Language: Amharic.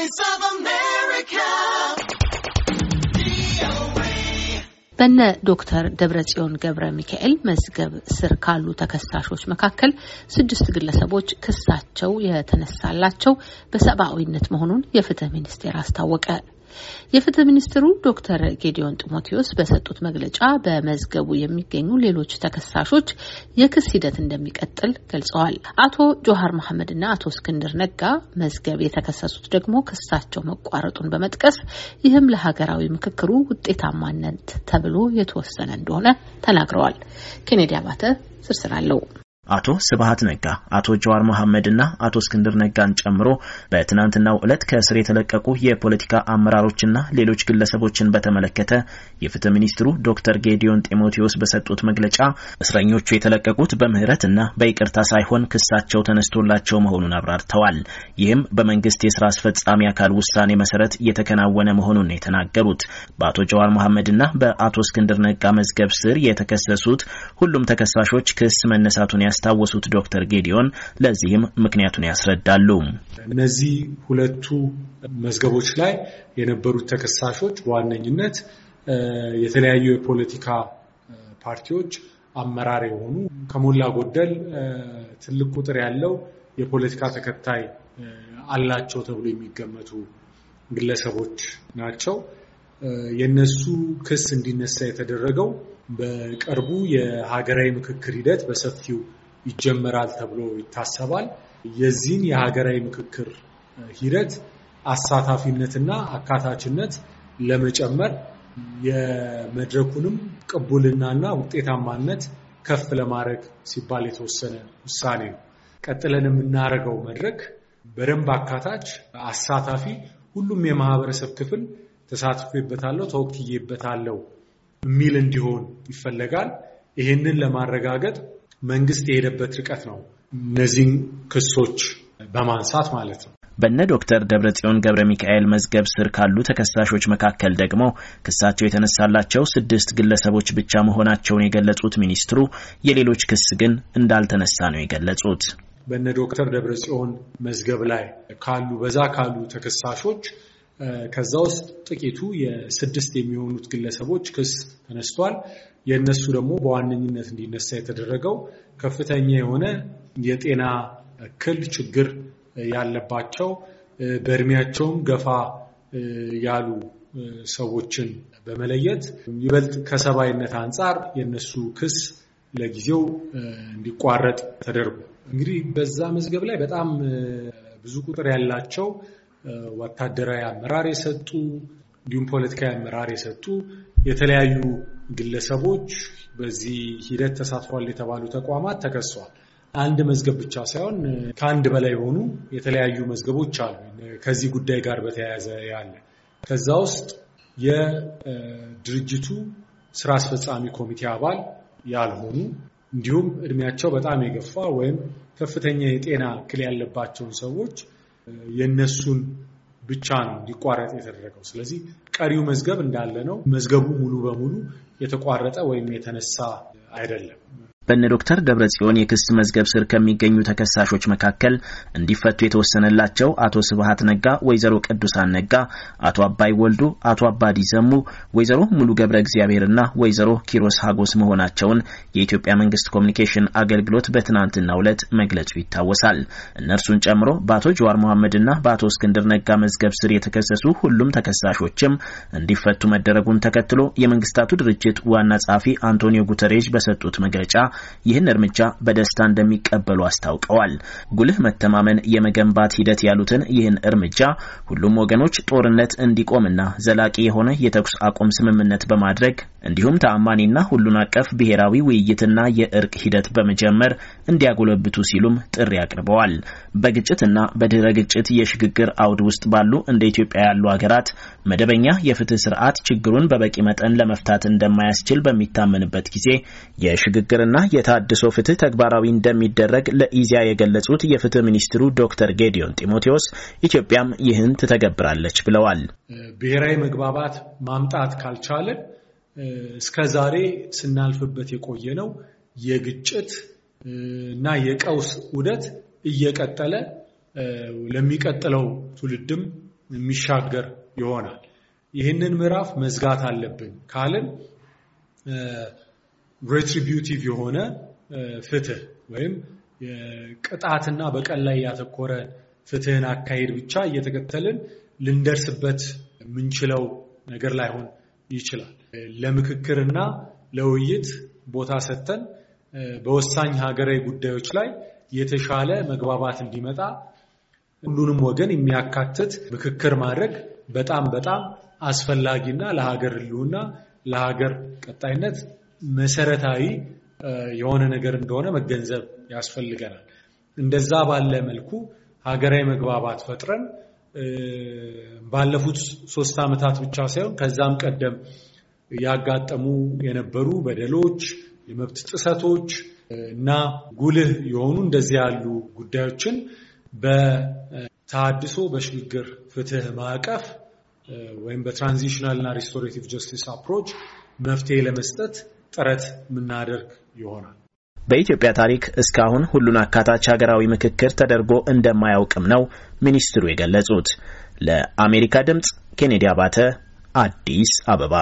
Voice of America. በነ ዶክተር ደብረጽዮን ገብረ ሚካኤል መዝገብ ስር ካሉ ተከሳሾች መካከል ስድስት ግለሰቦች ክሳቸው የተነሳላቸው በሰብአዊነት መሆኑን የፍትህ ሚኒስቴር አስታወቀ። የፍትህ ሚኒስትሩ ዶክተር ጌዲዮን ጢሞቴዎስ በሰጡት መግለጫ በመዝገቡ የሚገኙ ሌሎች ተከሳሾች የክስ ሂደት እንደሚቀጥል ገልጸዋል። አቶ ጆሀር እና አቶ እስክንድር ነጋ መዝገብ የተከሰሱት ደግሞ ክሳቸው መቋረጡን በመጥቀስ ይህም ለሀገራዊ ምክክሩ ውጤታማነት ተብሎ የተወሰነ እንደሆነ ተናግረዋል። ኬኔዲ አባተ ስርስር አለው። አቶ ስብሀት ነጋ፣ አቶ ጀዋር መሐመድና አቶ እስክንድር ነጋን ጨምሮ በትናንትናው ዕለት ከእስር የተለቀቁ የፖለቲካ አመራሮችና ሌሎች ግለሰቦችን በተመለከተ የፍትህ ሚኒስትሩ ዶክተር ጌዲዮን ጢሞቴዎስ በሰጡት መግለጫ እስረኞቹ የተለቀቁት በምህረት እና በይቅርታ ሳይሆን ክሳቸው ተነስቶላቸው መሆኑን አብራርተዋል። ይህም በመንግስት የስራ አስፈጻሚ አካል ውሳኔ መሰረት የተከናወነ መሆኑን ነው የተናገሩት። በአቶ ጀዋር መሐመድና በአቶ እስክንድር ነጋ መዝገብ ስር የተከሰሱት ሁሉም ተከሳሾች ክስ መነሳቱን ያስ ያስታወሱት ዶክተር ጌዲዮን ለዚህም ምክንያቱን ያስረዳሉ። እነዚህ ሁለቱ መዝገቦች ላይ የነበሩት ተከሳሾች በዋነኝነት የተለያዩ የፖለቲካ ፓርቲዎች አመራር የሆኑ ከሞላ ጎደል ትልቅ ቁጥር ያለው የፖለቲካ ተከታይ አላቸው ተብሎ የሚገመቱ ግለሰቦች ናቸው። የነሱ ክስ እንዲነሳ የተደረገው በቅርቡ የሀገራዊ ምክክር ሂደት በሰፊው ይጀመራል ተብሎ ይታሰባል። የዚህን የሀገራዊ ምክክር ሂደት አሳታፊነትና አካታችነት ለመጨመር የመድረኩንም ቅቡልናና ውጤታማነት ከፍ ለማድረግ ሲባል የተወሰነ ውሳኔ ነው። ቀጥለን የምናደርገው መድረክ በደንብ አካታች፣ አሳታፊ ሁሉም የማህበረሰብ ክፍል ተሳትፎበታለሁ ተወክዬበታለሁ የሚል እንዲሆን ይፈለጋል። ይህንን ለማረጋገጥ መንግስት የሄደበት ርቀት ነው እነዚህን ክሶች በማንሳት ማለት ነው። በነ ዶክተር ደብረጽዮን ገብረ ሚካኤል መዝገብ ስር ካሉ ተከሳሾች መካከል ደግሞ ክሳቸው የተነሳላቸው ስድስት ግለሰቦች ብቻ መሆናቸውን የገለጹት ሚኒስትሩ የሌሎች ክስ ግን እንዳልተነሳ ነው የገለጹት። በነ ዶክተር ደብረጽዮን መዝገብ ላይ ካሉ በዛ ካሉ ተከሳሾች ከዛ ውስጥ ጥቂቱ የስድስት የሚሆኑት ግለሰቦች ክስ ተነስቷል። የእነሱ ደግሞ በዋነኝነት እንዲነሳ የተደረገው ከፍተኛ የሆነ የጤና እክል ችግር ያለባቸው በእድሜያቸውም ገፋ ያሉ ሰዎችን በመለየት ይበልጥ ከሰብአዊነት አንጻር የእነሱ ክስ ለጊዜው እንዲቋረጥ ተደርጎ እንግዲህ በዛ መዝገብ ላይ በጣም ብዙ ቁጥር ያላቸው ወታደራዊ አመራር የሰጡ እንዲሁም ፖለቲካዊ አመራር የሰጡ የተለያዩ ግለሰቦች በዚህ ሂደት ተሳትፏል የተባሉ ተቋማት ተከሷል። አንድ መዝገብ ብቻ ሳይሆን ከአንድ በላይ የሆኑ የተለያዩ መዝገቦች አሉ። ከዚህ ጉዳይ ጋር በተያያዘ ያለ ከዛ ውስጥ የድርጅቱ ስራ አስፈጻሚ ኮሚቴ አባል ያልሆኑ እንዲሁም እድሜያቸው በጣም የገፋ ወይም ከፍተኛ የጤና እክል ያለባቸውን ሰዎች የእነሱን ብቻ ነው እንዲቋረጥ የተደረገው። ስለዚህ ቀሪው መዝገብ እንዳለ ነው። መዝገቡ ሙሉ በሙሉ የተቋረጠ ወይም የተነሳ አይደለም። በእነ ዶክተር ደብረ ጽዮን የክስ መዝገብ ስር ከሚገኙ ተከሳሾች መካከል እንዲፈቱ የተወሰነላቸው አቶ ስብሀት ነጋ፣ ወይዘሮ ቅዱሳን ነጋ፣ አቶ አባይ ወልዱ፣ አቶ አባዲ ዘሙ፣ ወይዘሮ ሙሉ ገብረ እግዚአብሔርና ወይዘሮ ኪሮስ ሀጎስ መሆናቸውን የኢትዮጵያ መንግስት ኮሚኒኬሽን አገልግሎት በትናንትናው ዕለት መግለጹ ይታወሳል። እነርሱን ጨምሮ በአቶ ጀዋር መሐመድና በአቶ እስክንድር ነጋ መዝገብ ስር የተከሰሱ ሁሉም ተከሳሾችም እንዲፈቱ መደረጉን ተከትሎ የመንግስታቱ ድርጅት ዋና ጸሐፊ አንቶኒዮ ጉተሬዥ በሰጡት መግለጫ ይህን እርምጃ በደስታ እንደሚቀበሉ አስታውቀዋል። ጉልህ መተማመን የመገንባት ሂደት ያሉትን ይህን እርምጃ ሁሉም ወገኖች ጦርነት እንዲቆምና ዘላቂ የሆነ የተኩስ አቁም ስምምነት በማድረግ እንዲሁም ተአማኒና ሁሉን አቀፍ ብሔራዊ ውይይትና የእርቅ ሂደት በመጀመር እንዲያጎለብቱ ሲሉም ጥሪ አቅርበዋል። በግጭትና በድህረ ግጭት የሽግግር አውድ ውስጥ ባሉ እንደ ኢትዮጵያ ያሉ ሀገራት መደበኛ የፍትህ ስርዓት ችግሩን በበቂ መጠን ለመፍታት እንደማያስችል በሚታመንበት ጊዜ የሽግግርና የታድሶ ፍትህ ተግባራዊ እንደሚደረግ ለኢዚያ የገለጹት የፍትህ ሚኒስትሩ ዶክተር ጌዲዮን ጢሞቴዎስ ኢትዮጵያም ይህን ትተገብራለች ብለዋል። ብሔራዊ መግባባት ማምጣት ካልቻለ እስከ ዛሬ ስናልፍበት የቆየ ነው የግጭት እና የቀውስ ውደት እየቀጠለ ለሚቀጥለው ትውልድም የሚሻገር ይሆናል። ይህንን ምዕራፍ መዝጋት አለብን ካልን ሬትሪቢቲቭ የሆነ ፍትህ ወይም ቅጣትና በቀል ላይ ያተኮረ ፍትህን አካሄድ ብቻ እየተከተልን ልንደርስበት የምንችለው ነገር ላይሆን ይችላል። ለምክክርና ለውይይት ቦታ ሰጥተን በወሳኝ ሀገራዊ ጉዳዮች ላይ የተሻለ መግባባት እንዲመጣ ሁሉንም ወገን የሚያካትት ምክክር ማድረግ በጣም በጣም አስፈላጊና ለሀገር ሕልውና ለሀገር ቀጣይነት መሰረታዊ የሆነ ነገር እንደሆነ መገንዘብ ያስፈልገናል። እንደዛ ባለ መልኩ ሀገራዊ መግባባት ፈጥረን ባለፉት ሶስት ዓመታት ብቻ ሳይሆን ከዛም ቀደም ያጋጠሙ የነበሩ በደሎች፣ የመብት ጥሰቶች እና ጉልህ የሆኑ እንደዚህ ያሉ ጉዳዮችን በተሃድሶ በሽግግር ፍትህ ማዕቀፍ ወይም በትራንዚሽናል እና ሪስቶሬቲቭ ጀስቲስ አፕሮች መፍትሄ ለመስጠት ጥረት የምናደርግ ይሆናል። በኢትዮጵያ ታሪክ እስካሁን ሁሉን አካታች ሀገራዊ ምክክር ተደርጎ እንደማያውቅም ነው ሚኒስትሩ የገለጹት። ለአሜሪካ ድምፅ ኬኔዲ አባተ አዲስ አበባ